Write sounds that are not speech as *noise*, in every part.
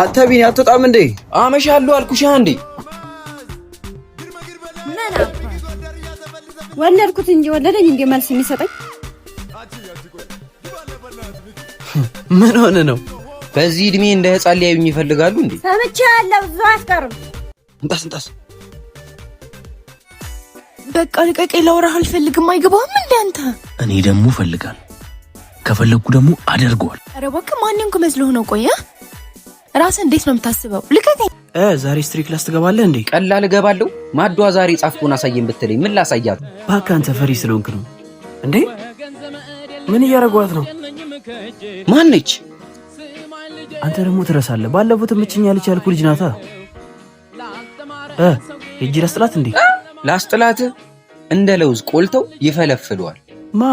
አንተ ቢኒ አትወጣም እንዴ? አመሻለሁ አልኩሽ እንዴ። ወለድኩት እንጂ ወለደኝ እንዴ መልስ የሚሰጠኝ *laughs* ምን ሆነ ነው? በዚህ እድሜ እንደ ህፃን ሊያዩኝ ይፈልጋሉ እንዴ? ሰምቻለሁ። ብዙ አስቀርም። እንጣስ እንጣስ በቃ ልቀቄ። ላውራህ አልፈልግም። አይገባም እንደ አንተ። እኔ ደግሞ እፈልጋለሁ። ከፈለግኩ ደግሞ አደርገዋል። ኧረ እባክህ ማንን መስሎህ ነው? ቆየ ራስህ እንዴት ነው የምታስበው? ልቀቀኝ። ዛሬ ስትሪ ክላስ ትገባለህ እንዴ? ቀላል እገባለሁ። ማዷ ዛሬ ጻፍኩን አሳየን ብትለኝ ምን ላሳያት? እባክህ አንተ ፈሪ ስለሆንክ ነው እንዴ። ምን እያደረጓት ነው? ማነች? አንተ ደግሞ ትረሳለህ። ባለፉት ምችኛ ልጅ ያልኩ ልጅ ናታ እ ላስጥላት እንዴ? ላስጥላት እንደ ለውዝ ቆልተው ይፈለፍሏል። ማ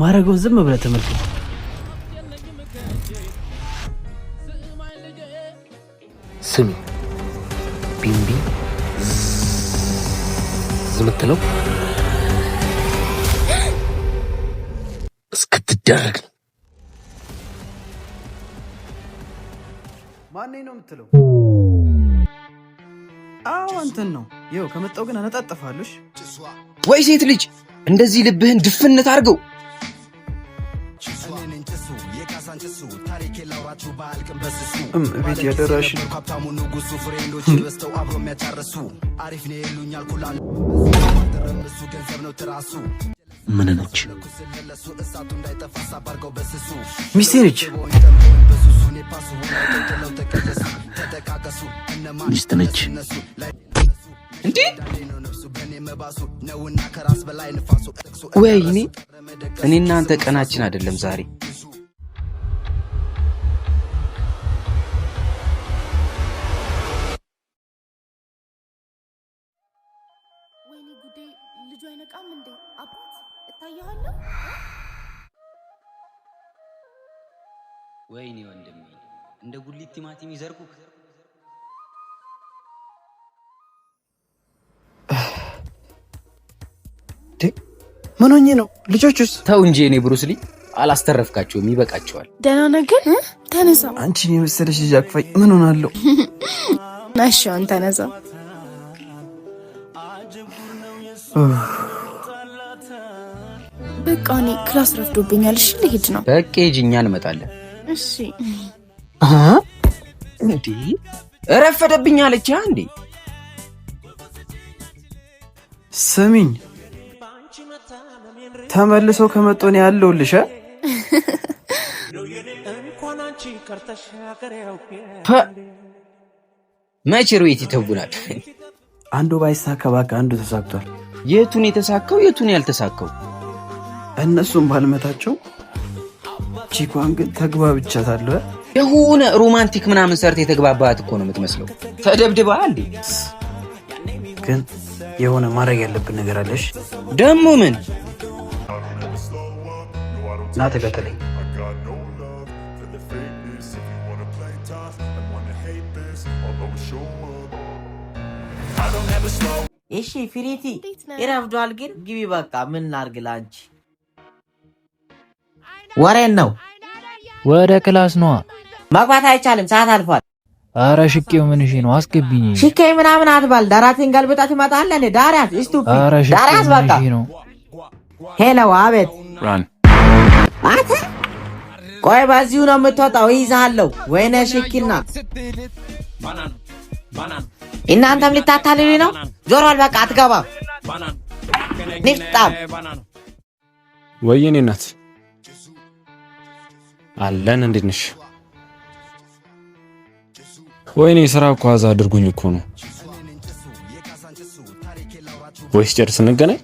ማረገውን ዝም ብለህ ተመልከት። ስሚ ቢምቢ የምትለው እስክትደረግ ነው። ነው የምትለው? አዎ አንተን ነው። ይኸው ከመጣው ግን አነጣጠፋለሽ ወይ ሴት ልጅ እንደዚህ ልብህን ድፍነት አድርገው እቤት ያደራሽ ሀብታሙ ንጉሱ ፍሬንዶች በስተው አብሮ የሚያጫርሱ አሪፍ ነው የሉኛል ኩላል እሱ ገንዘብ ነው ትራሱ ምን ነች ሚስት ነች እንዴ? እኔ እናንተ ቀናችን አይደለም ዛሬ ቤት ቲማቲም ይዘርጉክ ምን ሆኜ ነው? ልጆቹስ? ተው እንጂ እኔ ብሩስሊ አላስተረፍካቸውም፣ ይበቃቸዋል። ደህና ነገር ተነሳ። አንቺ የመሰለሽ ልጅ አቅፋኝ ምን ሆናለሁ? ናሽን *laughs* ተነሳ። በቃ እኔ ክላስ ረፍዶብኛል። እሺ ልሄድ ነው። በቃ ሂጂ፣ እኛ እንመጣለን። እሺ እንዴ ረፈደብኝ አለች እንዴ? ስሚኝ፣ ተመልሶ ከመጦን ያለውልሽ መቼ ቤት ይተውናል። አንዱ ባይሳካ እባክህ አንዱ ተሳክቷል። የቱን የተሳካው የቱን ያልተሳካው እነሱም ባልመታቸው ቺኳን ግን ተግባብቻታለሁ። የሆነ ሮማንቲክ ምናምን ሰርት የተግባባት እኮ ነው የምትመስለው። ተደብድባ እንዴ! ግን የሆነ ማድረግ ያለብን ነገር አለሽ። ደሞ ምን ናት? በተለይ እሺ ፍሪቲ ይረፍዷል፣ ግን ግቢ በቃ። ምን ላድርግ? ላንቺ ወሬን ነው ወደ ክላስ ነዋ መግባት አይቻልም፣ ሰዓት አልፏል። አረ ሽቄው ምን እሺ ነው? አስገቢኝ። ሽቄ ምናምን አትባል። ዳራቴን ገልብጣት ይመጣል። እኔ ዳራት እስቱ ዳራት በቃ ሄሎ። አቤት። አንተ ቆይ፣ በዚሁ ነው የምትወጣው? ይይዛለሁ። ወይኔ ሽኪና እናንተም ልታታልሉ ነው። ዞሯል። በቃ አትገባም። ንፍጣም ወይኔ እናት አለን። እንዴት ነሽ? ወይኔ የስራ እኮ አዛ አድርጉኝ እኮ ነው። ወይስ ጨርስ እንገናኝ።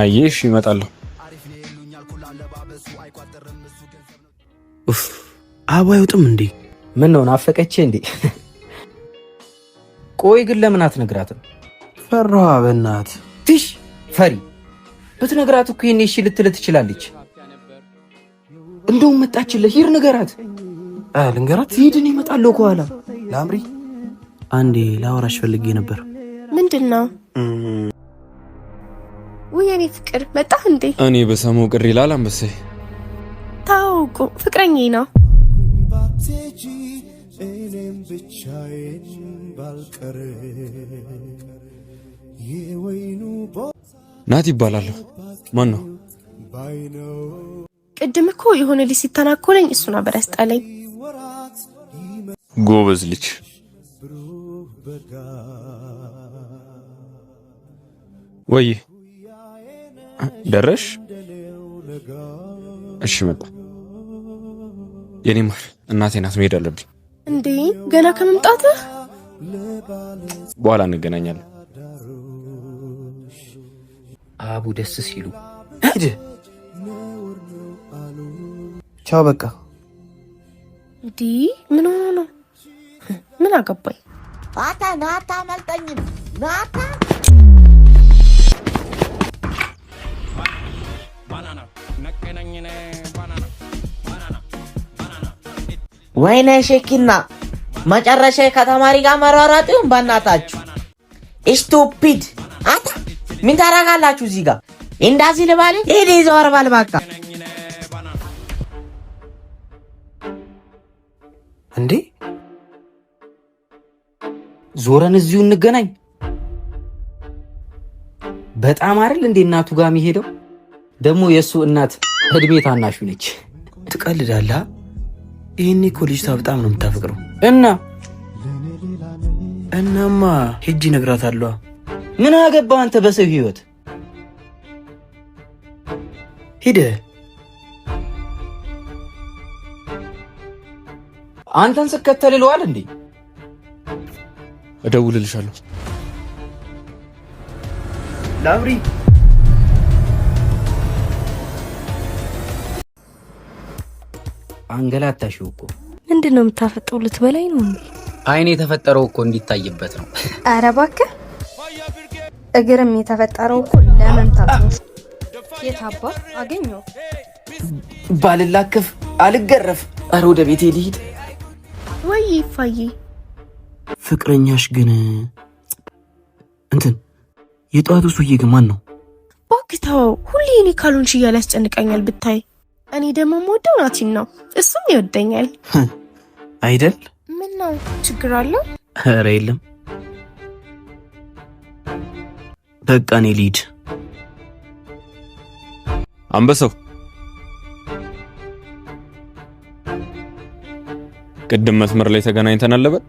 አይ እሺ ኡፍ ኡፍ አባዩጥም እንዴ? ምን ነው ናፈቀቼ እንዴ? *laughs* ቆይ ግን ለምን አትነግራትም? ፈራዋ በናት ትሽ ፈሪ ብትነግራት እኮ ይሄኔ እሺ ልትል ትችላለች። እንደውም መጣችለ ሂድ ንገራት። ልንገራት። ሂድን ይመጣለሁ ከኋላ ለአምሪ አንዴ ላወራሽ ፈልጌ ነበር። ምንድን ነው? ውይ የኔ ፍቅር መጣህ እንዴ? እኔ በሰሞ ቅሪ ይላል አንበሴ። ታውቁ ፍቅረኝ ነው ናት ይባላለሁ። ማን ነው? ቅድም እኮ የሆነ ልጅ ሲተናኮለኝ እሱ ነበር ጎበዝ ልጅ ወይ ደረሽ? እሺ መጣ። የኔ ማር እናቴ ናት፣ መሄድ አለብኝ። እንዴ ገና ከመምጣትህ? በኋላ እንገናኛለን። አቡ ደስ ሲሉ ቻው፣ በቃ እንዲ ምን ሆኖ ነው? ምን አገባኝ? ናታ ናታ አመልጠኝም ናታ ወይኔ ሼኪና መጨረሻ ከተማሪ ጋር መሯሯጡን በእናታችሁ ስቱፒድ አታ ምን ታረጋላችሁ እዚህ ጋር እንዳዚህ ልባል ሄድ ይዘወርባል በቃ እንዴ ዞረን እዚሁ እንገናኝ። በጣም አይደል እንዴ እናቱ ጋር የሚሄደው? ደግሞ የእሱ እናት እድሜ ታናሹ ነች። ትቀልዳላ። ይህኔ እኮ ልጅቷ በጣም ነው የምታፈቅረው። እና እናማ ነግራት አለዋ። ምን አገባ አንተ በሰው ህይወት ሂደ አንተን ስከተል ይለዋል እንዴ? እደውልልሻለሁ ላብሪ አንገላታሽው እኮ ምንድን ነው የምታፈጠው? ልትበላኝ ነው እንዴ? አይን የተፈጠረው እኮ እንዲታይበት ነው። ኧረ *laughs* እባክህ እግርም የተፈጠረው እኮ ለመምታት ነው። የታባ አገኘው ባልላክፍ አልገረፍ። አረ ወደ ቤቴ ልሂድ። ወይ ይፋዬ፣ ፍቅረኛሽ ግን እንትን የጠዋቱ ሱዬ ግን ማን ነው? ባክታው ሁሌ እኔ ካልሆንሽ እያለ ያስጨንቀኛል ብታይ። እኔ ደግሞ የምወደው ናቲን ነው፣ እሱም ይወደኛል አይደል? ምን ነው ችግር አለው? ኧረ የለም። በቃ እኔ ልሂድ አንበሳው ቅድም መስመር ላይ ተገናኝተን አለበት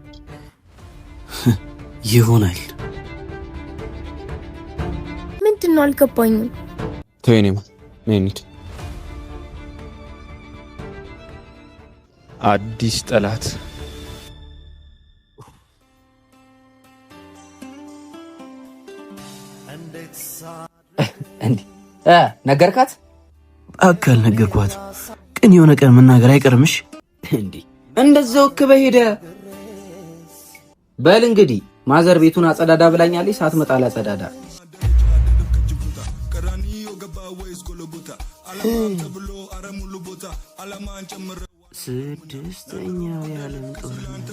ይሆናል። ምንድን ነው አልገባኝም። ተወኔማ ሜኒት አዲስ ጠላት ነገርካት? አካል ነገርኳት። ቅን የሆነ ቀን መናገር አይቀርምሽ እንዴ? እንደዛው ክበ ሄደ። በል እንግዲህ ማዘር ቤቱን አጸዳዳ ብላኛለች። ሳትመጣ አላጸዳዳ ስድስተኛው የዓለም ጦርነት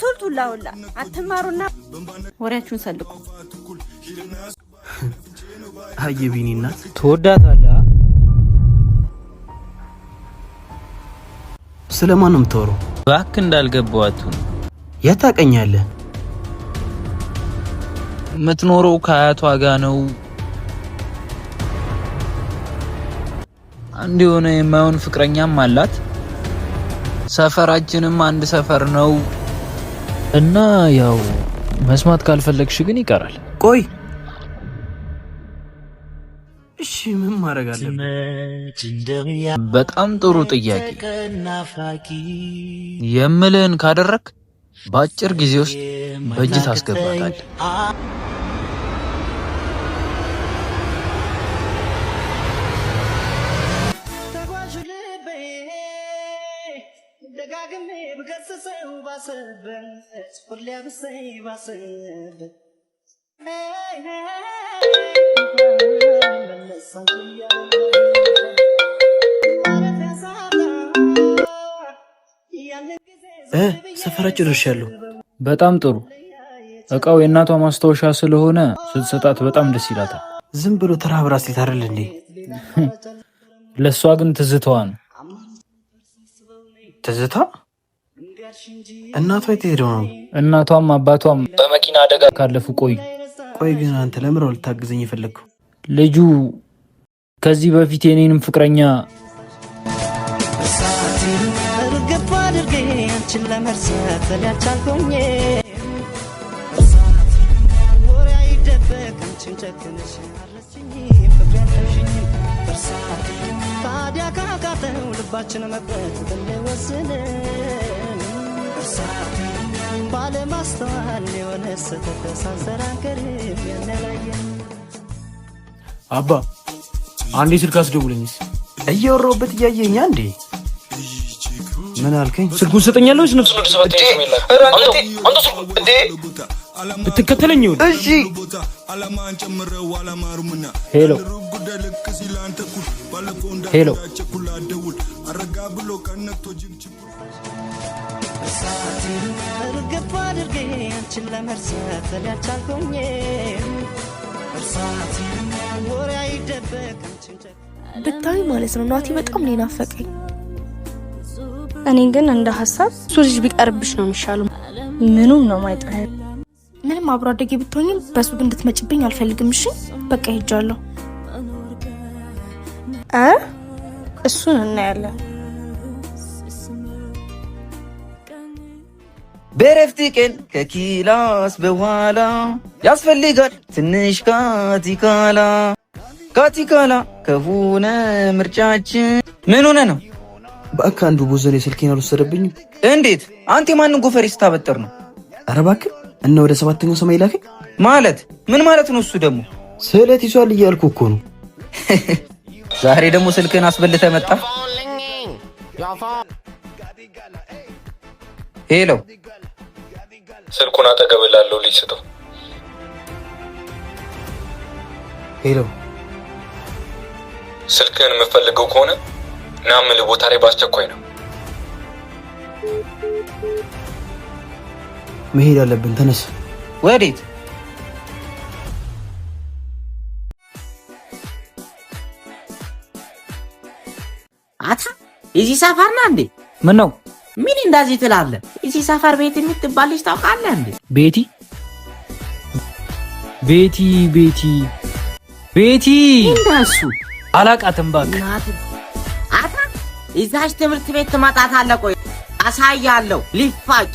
ቱልቱላ ሁላ አትማሩና ወሬያችሁን ሰልቁ። አየቢኒና እናት ትወዳታለህ። ስለማን ነው የምታወራው? እባክህ እንዳልገባዋት የት ታውቀኛለህ? የምትኖረው ከአያቷ ጋ ነው። አንድ የሆነ የማይሆን ፍቅረኛም አላት። ሰፈራችንም አንድ ሰፈር ነው እና ያው መስማት ካልፈለግሽ ግን ይቀራል። ቆይ ምን ማድረግ አለብን? በጣም ጥሩ ጥያቄ። የምልህን ካደረግ በአጭር ጊዜ ውስጥ በእጅ ታስገባታል። ደጋግሜ ብገስሰው ባሰበት ሁሌ ብሰይ ባሰበት ሰፈራችን ደርሻለሁ። በጣም ጥሩ። እቃው የእናቷ ማስታወሻ ስለሆነ ስትሰጣት በጣም ደስ ይላታል። ዝም ብሎ ተራ ብራስሌት አይደል እንዴ? *laughs* ለእሷ ግን ትዝታዋ ነው። ትዝታ? እናቷ የት ሄደው ነው? እናቷም አባቷም በመኪና አደጋ ካለፉ ቆዩ። ቆይ ግን አንተ ለምረው ልታግዘኝ የፈለግከው? ልጁ ከዚህ በፊት የኔንም ፍቅረኛ ታዲያ ካቃተው ልባችን መቅረት እንደወሰነ አባ አንዴ ስልክ አስደውለኝስ። እያወራሁበት እያየኛ እንዴ? ምን አልከኝ? ስልኩን ሰጠኛለሁ። ነፍስ ብትከተለኝ ይሁን እሺ። ሄሎ ሄሎ ብታዊ ማለት ነው ናቲ በጣም ነው ናፈቀኝ። እኔ ግን እንደ ሀሳብ እሱ ልጅ ቢቀርብሽ ነው የሚሻለው። ምኑም ነው ማይጠ ምንም አብሮ አደጌ ብትሆኝም በሱ ግን እንድትመጭብኝ አልፈልግም። እሺ በቃ ሄጃለሁ። እሱን እናያለን። በረፍት ቀን ከኪላስ በኋላ ያስፈልጋል ትንሽ ካቲካላ ካቲካላ ከሆነ ምርጫችን ምን ሆነ ነው? በአካ አንዱ ቦዘኔ የስልኬን አልወሰደብኝም። እንዴት አንተ ማንን ጎፈሬ ስታበጠር ነው? አረ እባክህ እና ወደ ሰባተኛው ሰማይ ላከኝ ማለት ምን ማለት ነው? እሱ ደግሞ ስዕለት ይዟል እያልኩ እኮ ነው። *laughs* ዛሬ ደግሞ ስልክህን አስበልተ መጣ። ሄሎ ስልኩን አጠገብ ላለው ልጅ ስጠው። ሄሎ፣ ስልክህን የምፈልገው ከሆነ ና ልቦታ ቦታ ላይ በአስቸኳይ ነው። መሄድ አለብን። ተነስ። ወዴት? አታ የዚህ ሰፈር ና እንዴ? ምን ነው ምን እንደዚህ ትላለህ? እዚህ ሰፈር ቤት የምትባል ልጅ ታውቃለህ እንዴ? ቤቲ ቤቲ ቤቲ ቤቲ እንደሱ አላቃትም። እባክህ አታ እዛች ትምህርት ቤት ትመጣታለህ። ቆይ አሳያለሁ። ሊፋጭ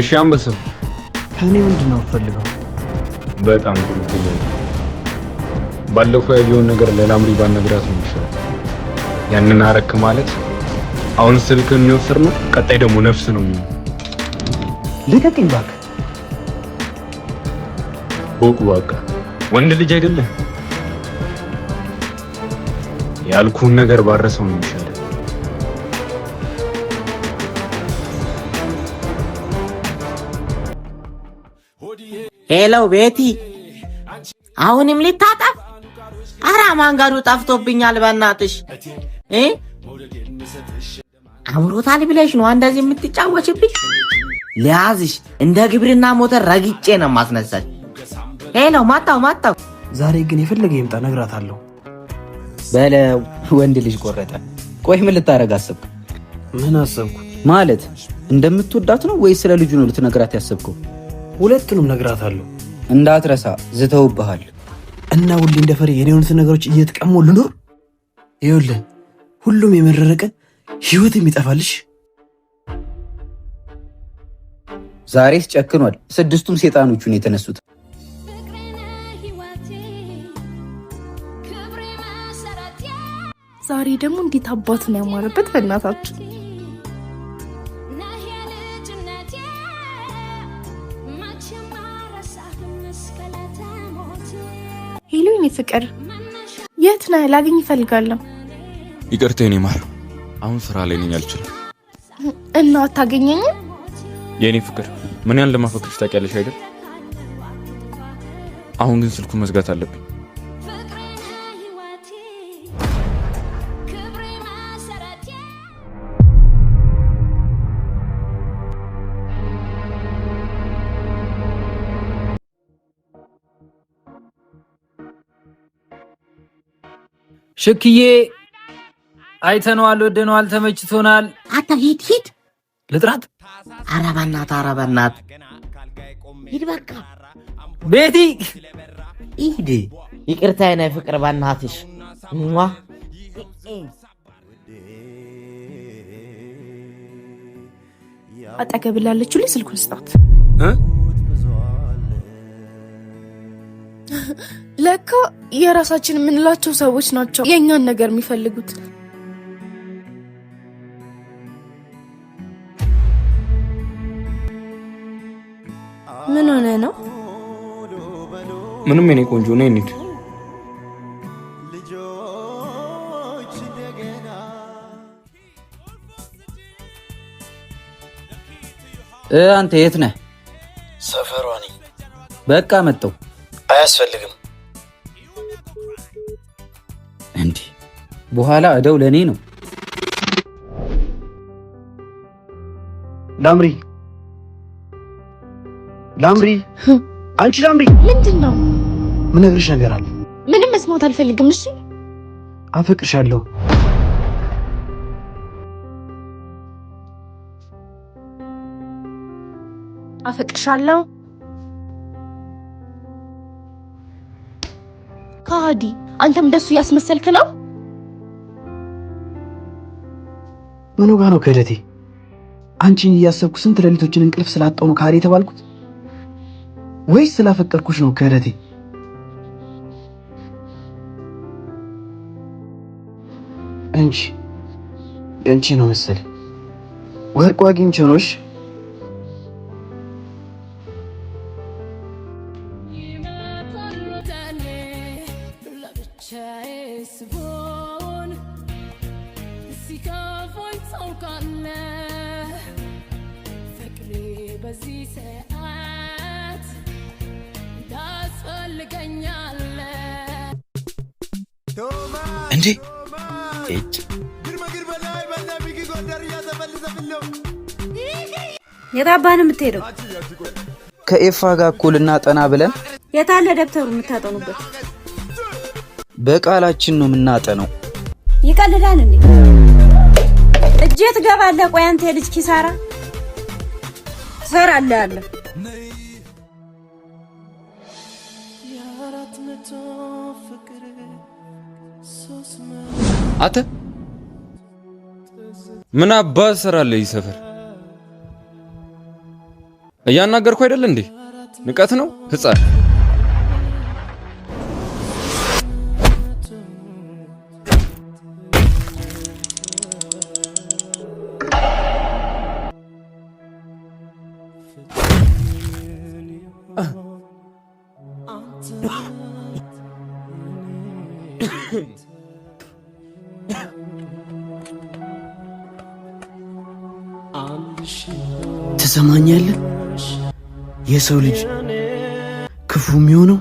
እሺ አንበሳው ከእኔ ምንድን ነው ፈልገው? በጣም ጥሩ ጥያቄ። ባለፈው ያየውን ነገር ለላምሪ ባልነግራት ነው የሚሻለው። ያንን አረክ ማለት አሁን ስልክ የሚወስድ ነው፣ ቀጣይ ደግሞ ነፍስ ነው የሚሆነው። ልቀቅኝ እባክህ። ቦቅ በቃ ወንድ ልጅ አይደለ ያልኩህን ነገር ባረሰው ነው ሄለው ቤቲ፣ አሁንም ልታጠፍ? አረ ማንጋዱ ጠፍቶብኛል። በእናትሽ እ አምሮታል ብለሽ ነው እንደዚህ የምትጫወችብኝ? ሊያዝሽ እንደ ግብርና ሞተር ረግጬ ነው ማስነሳሽ። ሄለው ማጣው ማጣው። ዛሬ ግን የፈለገ ይምጣ ነግራታለሁ። በለ ወንድ ልጅ ቆረጠ። ቆይ ምን ልታረግ አሰብክ? ምን አሰብኩ ማለት እንደምትወዳት ነው ወይስ ስለ ልጁ ነው ልትነግራት ያሰብከው? ሁለቱንም ነግራታለሁ። እንዳትረሳ ዝተውብሃል። እና ሁሌ እንደ ፈሪ ነገሮች እየተቀሙ ልኑር። ይኸውልህ ሁሉም የመረረቀ ህይወት የሚጠፋልሽ ዛሬስ ጨክኗል። ስድስቱም ሴጣኖቹን የተነሱት ዛሬ ደግሞ እንዴት አባት ነው ያማረበት በእናታችን ሄሎ የኔ ፍቅር፣ የት ነህ? ላገኝ እፈልጋለሁ። ይቅርታ የኔ ማር፣ አሁን ስራ ላይ ነኝ አልችልም። እና አታገኘኝም? የእኔ ፍቅር፣ ምን ያህል ለማፈቅርሽ ታውቂያለሽ አይደል? አሁን ግን ስልኩ መዝጋት አለብኝ። ሽክዬ አይተነዋል፣ ወደነዋል፣ ተመችቶናል። አታ ሂድ ሂድ፣ ልጥራት። ኧረ በእናትህ ኧረ በእናትህ ሂድ በቃ። ቤቲ ሂድ፣ ይቅርታ የኔ ፍቅር በእናትሽ ሟ አጠገብላለችሁ ላይ ስልኩን ስጣት። *laughs* ለካ የራሳችን የምንላቸው ሰዎች ናቸው የእኛን ነገር የሚፈልጉት። ምን ሆነ ነው? ምንም የኔ ቆንጆ ነው ኒድ አንተ የት ነህ? ሰፈሯ ነኝ። በቃ መጣሁ። አያስፈልግም። እንዲህ በኋላ እደው ለእኔ ነው። ላምሪ ላምሪ፣ አንቺ ላምሪ፣ ምንድን ነው ምነግርሽ ነገር አለ። ምንም መስማት አልፈልግም። እሺ፣ አፈቅርሻለሁ። አፈቅርሻለሁ ከሃዲ፣ አንተም እንደሱ እያስመሰልክ ነው። ምኑ ጋ ነው ክህደቴ? አንቺን እያሰብኩ ስንት ሌሊቶችን እንቅልፍ ስላጣው ነው ከሃዲ የተባልኩት? ወይስ ስላፈቀርኩሽ ነው ክህደቴ? እንጂ እንቺ ነው መሰለኝ ወርቅ አግኝቼ ነውሽ በዚህ ሰዓት እንዴ እጭ የታባን የምትሄደው ከኤፋ ጋር እኩል እና ጠና ብለን የታለ ደብተሩ የምታጠኑበት? በቃላችን ነው የምናጠነው። ይቀልዳል እንዴ እጄ ትገባለህ። ቆይ አንተ የልጅ ኪሳራ ሰር አለ። አተ ምን አባት ትሰራለህ? ይህ ሰፈር እያናገርኩ አይደለ እንዴ? ንቀት ነው ህፃን ትሰማኛለህ? የሰው ልጅ ክፉ የሚሆነው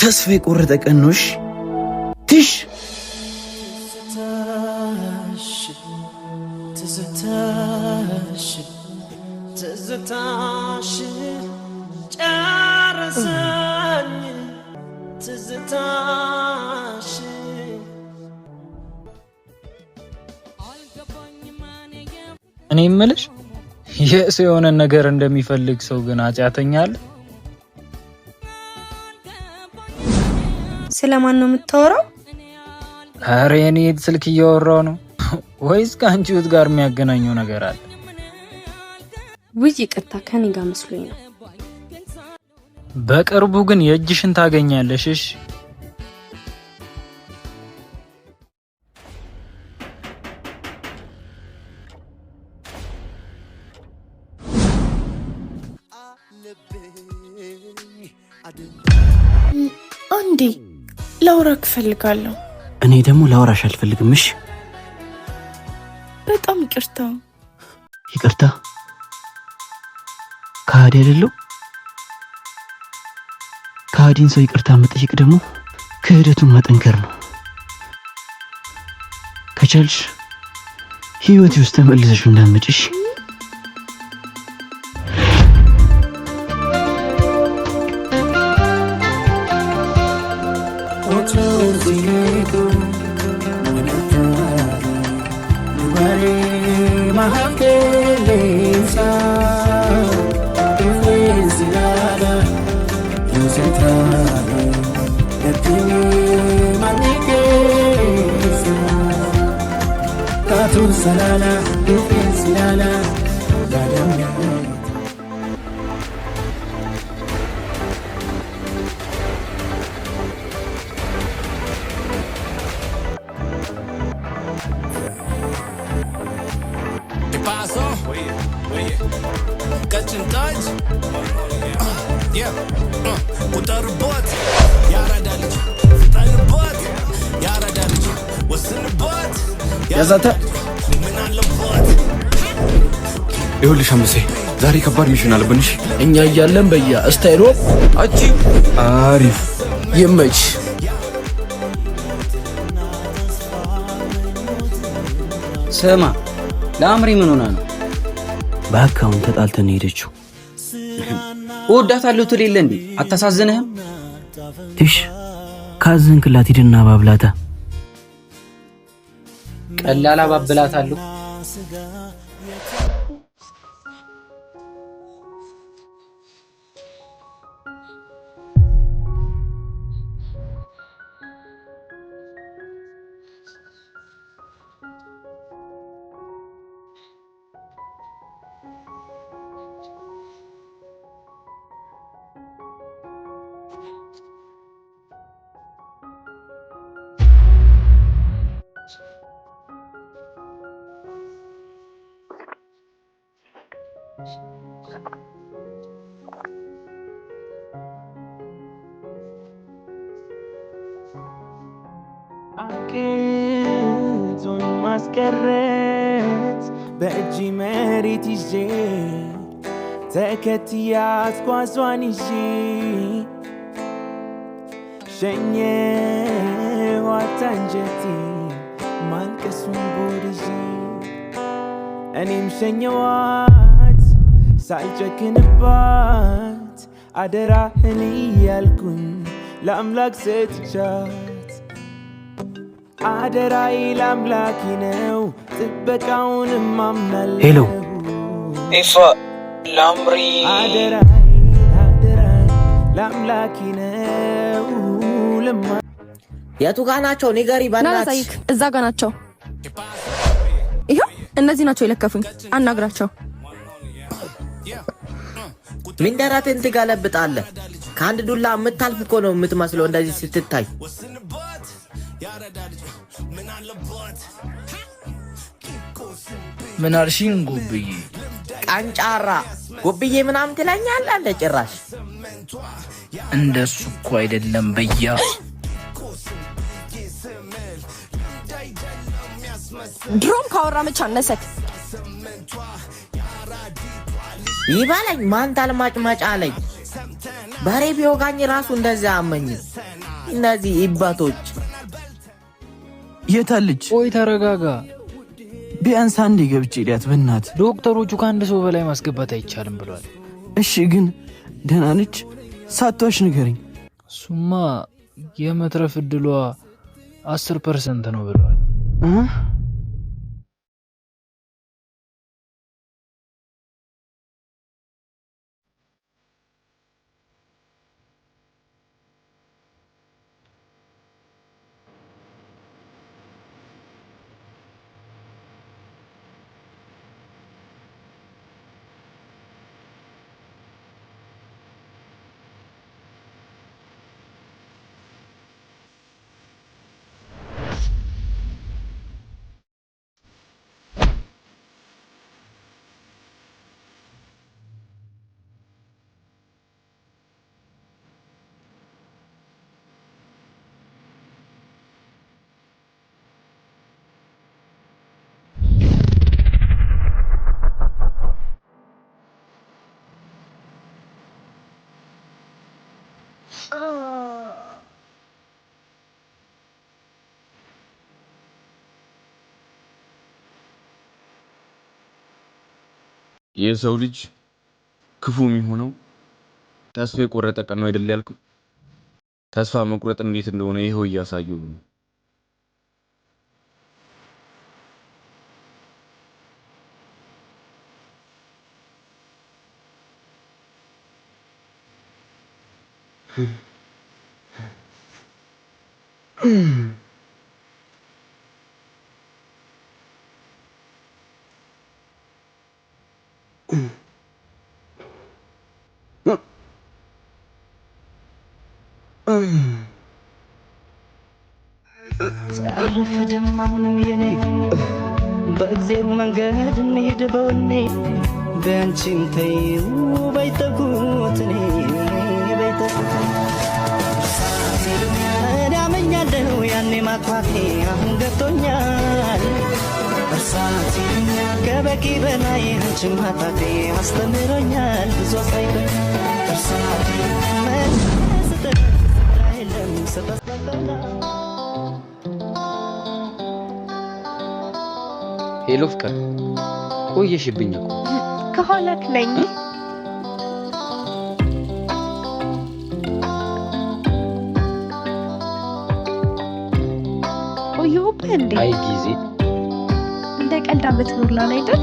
ተስፋ የቆረጠ ቀን ነው። ትሽ እኔ ምልሽ የእሱ የሆነ ነገር እንደሚፈልግ ሰው ግን አጫተኛ አለ። ስለማን ነው የምታወራው? አረ እኔ ስልክ እያወራው ነው ወይስ ከአንቺ ውት ጋር የሚያገናኘው ነገር አለ? ውይ ይቅርታ፣ ከኔ ጋር መስሎኝ ነው። በቅርቡ ግን የእጅሽን ታገኛለሽ። እሺ ላውራክ እፈልጋለሁ። እኔ ደግሞ ላውራሽ አልፈልግም። እሺ፣ በጣም ይቅርታ። ይቅርታ ከሃዲ አይደለሁ። ከሃዲን ሰው ይቅርታ መጠየቅ ደግሞ ክህደቱን ማጠንከር ነው። ከቻልሽ ህይወቴ ውስጥ ተመልሰሽ እንዳትመጪ። Kaç intaç? Yeah. Куда работать? Я радалич. Та работать? Я радалич. What's in the butt? Я заተ ይኸውልሽ አምሴ ዛሬ ከባድ ሚሽን አለብንሽ። እኛ እያለን በያ እስታይሮ አቺ አሪፍ ይመች ስማ ለአምሪ ምን ሆና ነው? በአካውንት ተጣልተን ሄደችው። እወዳታለሁ ትል የለ እንዴ? አታሳዝንህም? እሽ ካዘንክላት ሂድና አባብላታ። ቀላል አባብላታለሁ። Teketia asko azwanishi Shenye watanjeti Manke sumburiji Ani mshenye wat Saljakin bat Adera heli yalkun ለአምላክ ሰጥቻት አደራዬ ለአምላኬ ነው፣ ጥበቃውንም አምናለሁ። ሄሎ ኢፋ ላምሪ የቱ ጋ ናቸው እዛ ጋ ናቸው ይኸው እነዚህ ናቸው የለከፉኝ አናግራቸው ምንደራትን ትገለብጣለህ ከአንድ ዱላ የምታልፍ እኮ ነው የምትመስለው እንደዚህ ስትታይ ምን አልሽኝ ጉብዬ ቀንጫራ ጎብዬ ምናምን ትለኛል አለ። ጭራሽ እንደሱ እኮ አይደለም በያ ድሮም ካወራ መች አነሰክ ይበለኝ። ማን ታልማጭማጫ አለኝ። በሬ ቢወጋኝ ራሱ እንደዚያ አመኝ። እነዚህ ይባቶች የታለች? ቆይ ተረጋጋ። ቢያንስ አንድ የገብጭ ሊያት በናት ዶክተሮቹ ከአንድ ሰው በላይ ማስገባት አይቻልም ብሏል። እሺ ግን ደህና ነች ሳቷሽ ንገርኝ። እሱማ የመትረፍ እድሏ አስር ፐርሰንት ነው ብሏል። የሰው ልጅ ክፉ የሚሆነው ተስፋ የቆረጠ ቀን ነው አይደል ያልኩ። ተስፋ መቁረጥ እንዴት እንደሆነ ይኸው እያሳዩ። ነው። Mm-hmm. *laughs* አሁንም የኔ በእግዜሩ መንገድ እንሄድ በወኔ በአንቺም ተይው በይተኩት እኔ በይተኩት እዳመኛለሁ ያኔ ማጥፋቴ አሁን ገብቶኛል ከበቂ በላይ አንቺን ማጣቴ አስተምሮኛል ብዙ ሳይበ መስ ሄሎ ፍቅር፣ ቆየሽብኝ እኮ ከኋላክ ነኝ። ቆየሁብህ እንዴ? አይ ጊዜ እንደ ቀልድ አመት ኖርላን አይደል?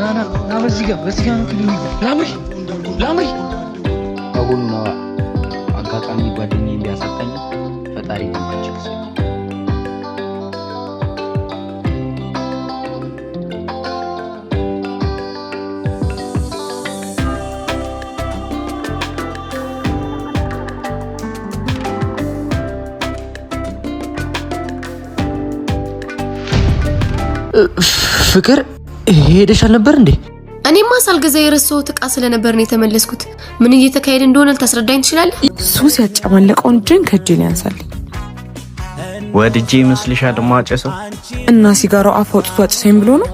አሁን አጋጣሚ ጓደኛ ቢያሳጣኝ ፈጣሪ ናቸው። ፍቅር ሄደሽ አልነበር እንዴ? እኔማ ሳልገዛ የረሳሁት እቃ ስለነበር ነው የተመለስኩት። ምን እየተካሄደ እንደሆነ ልታስረዳኝ ትችላለህ? ሱስ ያጨማለቀውን ድን ከእጄ ያንሳልኝ። ወድጄ ይመስልሻል? ማጨሰው እና ሲጋራው አፍ አውጥቶ አጭሰኝ ብሎ ነው